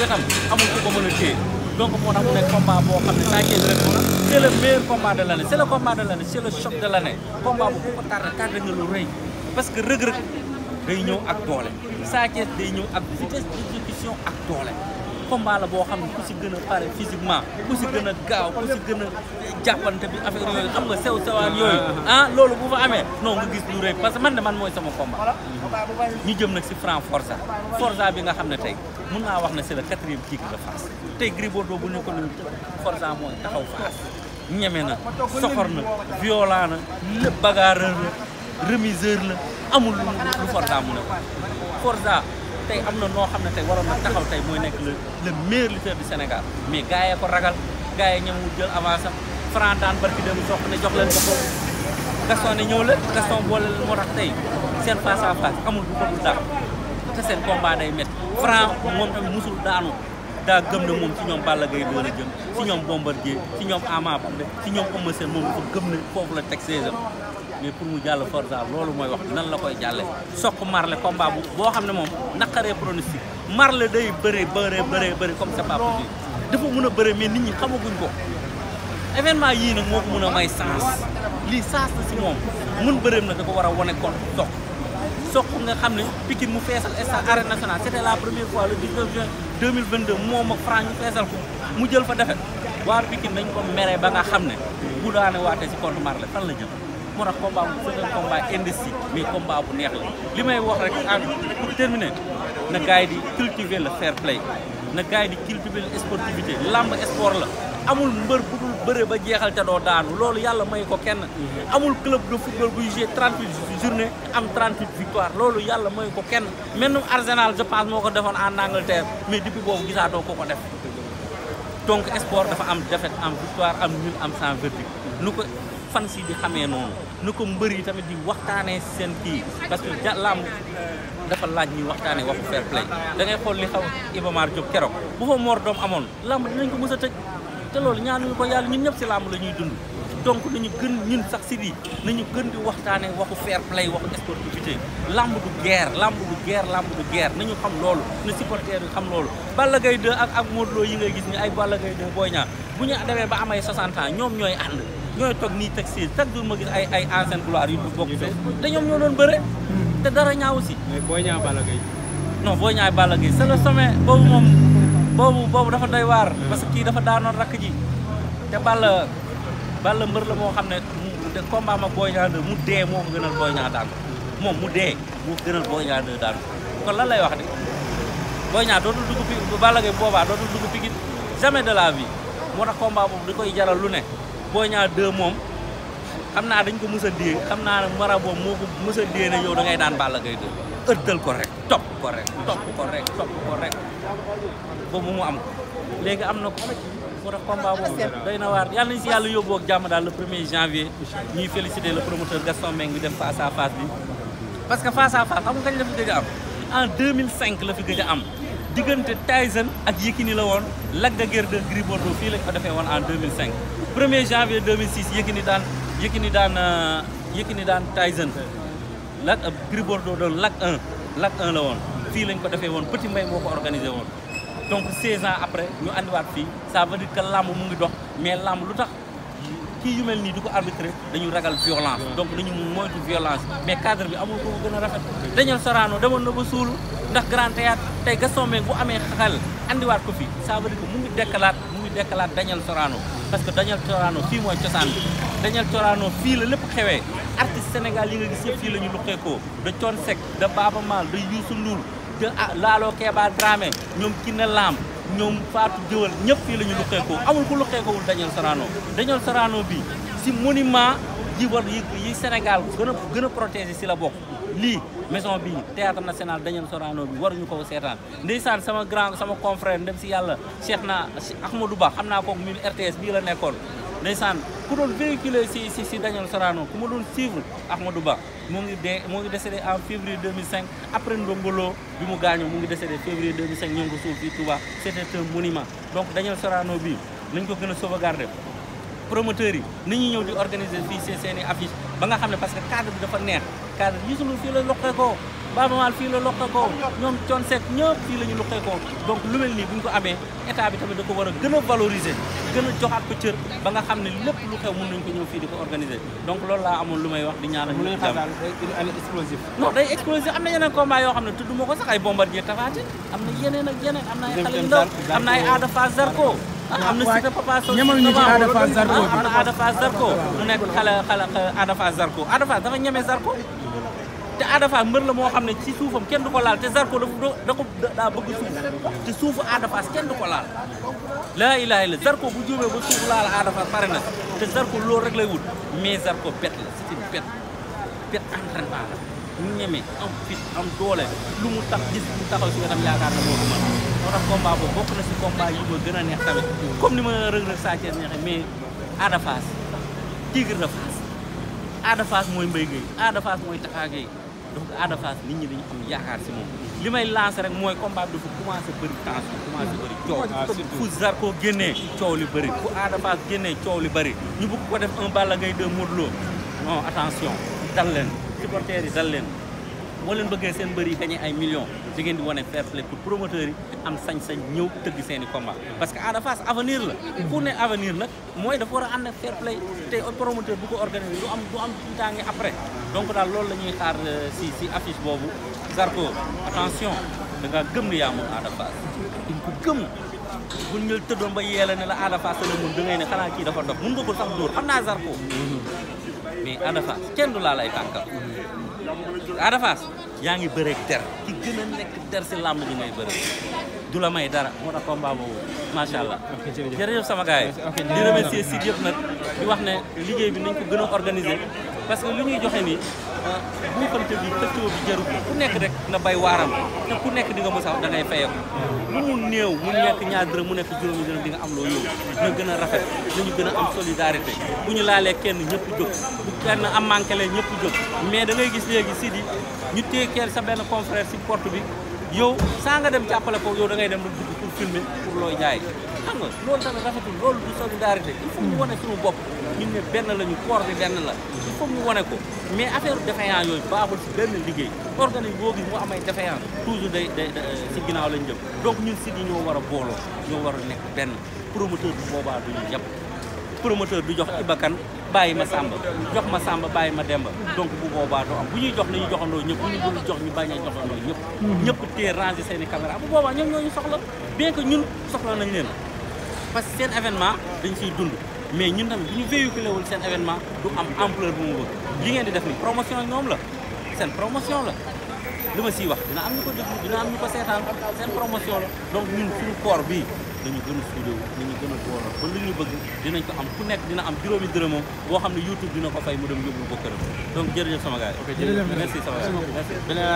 wetam amul ku ko mën a téye donc moo tax mu nekk combat boo xam ne Sa Thiès rek la c' est le meilleur combat de l' année c' est le combat de l' ko tardé tardé nga lu rëy parce que Reug Reug day ñëw ak doole Sa Thiès day ñëw ak vitesse d' ak doole. combat la boo xam ne a pare physiquement ku si gaaw ku si gën a jàppante bi affaire yooyu xam nga ah, ah, ah. loolu bu amee non nga gis lu rëy que man de mooy sama combat ñu jëm nag si franc Forza Forza bi nga xam ne tey mun naa wax ne c'est le quatrième tigre de Fass tey Gris ko nuyu taxaw Fass ñeme na soxor na violent na lépp bagarreur la remiseur la amul lu Forza mu ne Forza tey am na noo xam ne tey waroon na taxaw tey mooy nekk le le meilleur Sénégal mais gars ko ragal gars yi ñoom mu jël avance am Franc daan barki dem sox ne jox leen ko ko Gaston ne ñëw la Gaston boole la moo tax tey seen face à face amul ko dul dàq day métti Franc moom tamit musul daanu daa gëm ne moom ci ñoom Balla Gaye doon a jëm ci ñoom Bombardier ci ñoom Ama Baldé ci ñoom Eumeu Sène moom dafa gëm ne foofu la teg saison mais pour mu jàll Forza loolu mooy wax nan la koy jàlle Sokh Marley combat bu boo xam ne moom naqaree pronostic Marley day bëree bëree bëre bëri comme sa papa bi dafa mun a bëre mais nit ñi xamaguñ ko événement yii nag moo ko mun a may sens lii sens la si moom mun bëreem nag da ko war a wane kon Sokh Sokh nga xam ne Pikine mu feesal stade arène nationale c'était la première fois le 19 juin 2022 moom ak Franc ñu feesal ko mu jël fa defet waa Pikine dañ ko mere ba nga xam ne bu daane waatee si contre Marley fan la jëm moo tax combat bu c'est un combat indécis mais combat bu neex la li may wax rek en pour terminer na gars yi di cultiver le fair play na gars di cultiver la sportivité làmb sport la amul mbër bu dul bëre ba jeexal te doo daanu loolu yàlla may ko kenn amul club de football buy jouer 38 journée am 38 victoire loolu yàlla may ko kenn même Arsenal je pense moo ko defoon en Angleterre mais depuis boobu gisaatoo ko ko def donc sport dafa am défaite am victoire am nul am sans verdict fan sii di xamee noonu na ko mbër yi tamit di waxtaanee seen kii parce que ja làmb euh, dafa laaj ñuy waxtaanee waxu fair play da ngay xool li xaw Iba Mar Diop keroog bu fa moor doom amoon làmb dinañ ko mës a tëj te loolu ñaanuñu ko yàlla ñun ñëpp si làmb la ñuy dund donc nañu gën ñun sax si di nañu gën di waxtaanee waxu fair play waxu sportivité làmb du guerre làmb du geer làmb du guerre nañu xam loolu na supporter yi xam loolu Balla gay 2 ak ak Modou Lo yi ngay gis ni ay Balla Gaye 2 Boy ñu demee ba amay 60 ans ñoom ñooy ànd ñooy toog nii taxi chaque jour ma gis ay ay ancienne gloire yu bokk te ñoom ñoo doon bëre te dara ñaaw si booy ñaaw Balla Gaye non booy ñaaw Balla Gaye c'est le sommet boobu moom boobu boobu dafa doy waar parce que kii dafa daanoon rakk ji te Balla Balla mbër la moo xam ne de combat ma ñaaw de mu dee moo ko gënal booy ñaaw daan moom mu dee moo gënal booy ñaaw de daan kon lan lay wax de booy ñaaw dootul dugg pi Balla Gaye boobaa dootul dugg Pikine jamais de la vie moo tax combat boobu jaral lu ne Boy Niang 2 moom xam naa dañ ko mës a dee xam naa ne marabo moo ko mës a dee ne yow da ngay daan Balla Gaye 2 ëttal ko rek topp ko rek topp ko rek topp ko rek boobu mu am ko léegi am na ko moo tax combat boobu doy na waar yàlla nañ si yàlla yóbbu jàmm daal le premier janvier ñuy féliciter le promoteur Gaston Mbengue bi def face à face bi parce que face à xam nga kañ la fi gëj am en 2005 la fi gëj am diggante Tyson ak Yékini la woon Lac de Guiers 2 Gris fii lañ ko defee woon en 2005 1er janvier 2006 Yékini daan Yékini daan euh, Yékini daan Tyson Lac euh, Gris Bordeaux doon Lac 1 Lac 1 la woon fii lañ ko defee woon Petit Mbaye moo ko organisé woon donc 16 ans après ñu andiwaat fii ça veut dire que làmb mu ngi dox mais làmb lu tax kii yu mel nii di ko arbitré dañu ragal violence donc dañu moytu violence mais cadre bi amul ko gën a rafet Daniel Sorano demoon na ba suulu ndax Grand Théâtre tey Gaston Mbengue bu amee xel andiwaat ko fi ça ko dire que mu ngi dekkalaat mu ngi dekkalaat Daniel Sorano parce que Daniel Sorano fii mooy cosaan bi Daniel Sorano fii la lépp xewee artiste Sénégal yi nga gis yëpp fii la ñu luqeekoo de Thione Seck de Baaba Maal de Youssou Ndour de ah, Lalo Kéba Dramé ñoom Kiné ñoom Fatou Jëwal ñëpp fii la ñu luqeekoo amul ku luqeekoowul Daniel Sorano Daniel Sorano bi si monument yi war yi Sénégal gën a gën a protégé si la bokk lii maison bi théâtre national Daniel soraano bi waruñu ko seetaan ndeysaan sama grand sama confrère ndem si yàlla Cheikh na Ahmadou Ba xam naa kooku mi RTS bii la nekkoon ndeysaan ku doon véhiculer si si si Daniel Sorano ku ma doon suivre Ahmadou Ba mu ngi dee mu ngi décédé en février 2005 après Ndongolo bi mu gaañoo mu ngi décédé février 2005 ñu ngi ko suuf fii Touba c'était un monument donc Daniel Sorano bi nañ ko gën a sauvegarder promoteurs yi ni ñuy ñëw di organiser fii seen seen i affiche ba nga xam ne parce que bi dafa neex cadre Youssou Ndour fii la loqee ko Baaba Maal fii la loqee ñoom Thione Seck fii la ñu donc lu mel nii bu ko amee état bi tamit da ko war a gën a valoriser joxaat ko cër ba nga xam ne lépp lu xew mën nañ ko ñëw fii di ko organiser donc loolu laa amoon lu may wax di ñaanal ñu jàmm non day explosif am na yeneen combat yoo xam ne tudd ma na am na Siteu Papa Sow ñemal ñu ci Ada Fass Zarko bi ah, Ada Fass Zarko mu nekk xale xale Ada Fass Zarko Ada Fass dafa ñeme Zarko te Ada Fass mbër la moo xam ne ci suufam kenn du ko laal te Zarko da da ko daa bëgg suuf te suufu Ada Fass kenn du ko laal laa ilaha illa Zarko bu juumee ba suuf laal Ada Fass pare na te Zarko loolu rek lay wut mais Zarko bett la c'est une bête bête entraînement la ñeme am fit am doole lu mu tax gis mu taxaw si wetam yaakaar na moo ko mën moo tax combat boobu bokk na si combat yi ma gën a neex tamit comme ni ma Reug Reug Sa Thiès neexee mais Ada Fass Tigre de mooy Mbaye Gueye Ada Fass mooy Tafa Gueye donc Ada Fass nit ñi dañu am yaakaar si moom li may lancé rek mooy combat bi dafa commencé bëri tension commencé bëri coow fu Zarko génnee coow li bëri fu Ada génnee coow li bëri ñu bëgg ko def un Balla Gaye leen supporters yi dal leen moo leen bëggee seen mbër yi gagné ay millions di ngeen di wane fair play pour promoteurs yi am sañ-sañ ñëw tëgg seen i combat parce que Ada Fass avenir la pour ne avenir nag mooy dafa war a ànd ak fair play te promoteur bu ko organiser du am du am tiitaange après donc daal loolu la ñuy xaar euh, si si affiche boobu Zarko attention da ngaa gëm ni yaa mun Ada Fass di ko gëm buñ ñu tëddoon ba yeela ne la Ada Fass mun da ne xanaa kii dafa dof mun nga ko sax dóor xam mais Ada Fass kenn du laal ay tànkam yaa ngi bëreeg der ki gën a nekk der si làmb ji ngay bëreeg du la may dara moo tax combat boobu macha allah. jërëjëf sama gars yi di remercier si yëpp nag di wax ne liggéey bi nañ ko gën a organiser lu ñuy joxe nii. buuxante bi xëccoo bi jarul ku nekk rek na bay waaram te ku nekk di nga mos a da ngay fayeeku lu mu néew mu nekk ñaar dërëm mu nekk juróomi dërëm di am loo yóbbu na gën a rafet nañu gën a am solidarité bu ñu laalee kenn ñëpp jóg bu kenn am manqué leen ñëpp jóg mais da gis léegi si ñu téye kenn sa benn confrère si port bi yow saa nga dem jàppale ko yow da ngay dem rek dugg pour filmer pour looy jaay xam nga loolu tamit rafetul loolu du solidarité il faut mu wane suñu bopp ñun ne benn la ñu corps bi benn la il faut mu wane ko mais affaire défaillant yooyu baaxul si benn liggéey organique boo gis mu amay défaillant toujours day day euh, si ginnaaw lañ jëm donc ñun sit yi ñoo war a booloo ñoo war a nekk benn promoteur bi boobaa duñu yëpp promoteur bi jox Iba Kane bàyyi ma Samba jox ma Samba bàyyi ma Demba donc bu boobaa doo bu ñuy jox nañu joxandoo ñëpp bu ñu a joxandoo ñëpp mhm. ñëpp tee ranger i bu boobaa ñoom ñooñu soxla bien ñun soxla nañ leen parce seen événement dañ siy dund mais ñun tamit bu ñu véhiculé wul seen événement du am ampleur bu mu bëgg li ngeen di def ni promotion ñoom la seen promotion la li ma siy wax dina am ñu ko seetaan seen promotion la donc ñun suñu koor bii dañu gën studio dañu gën a booloo ba lu ñu bëgg dinañ ko am ku nekk dina am juróomi dërëmam boo xam ne YouTube dina ko fay mu dem yóbbul ko këram donc jërëjëf sama gars merci sama gars yi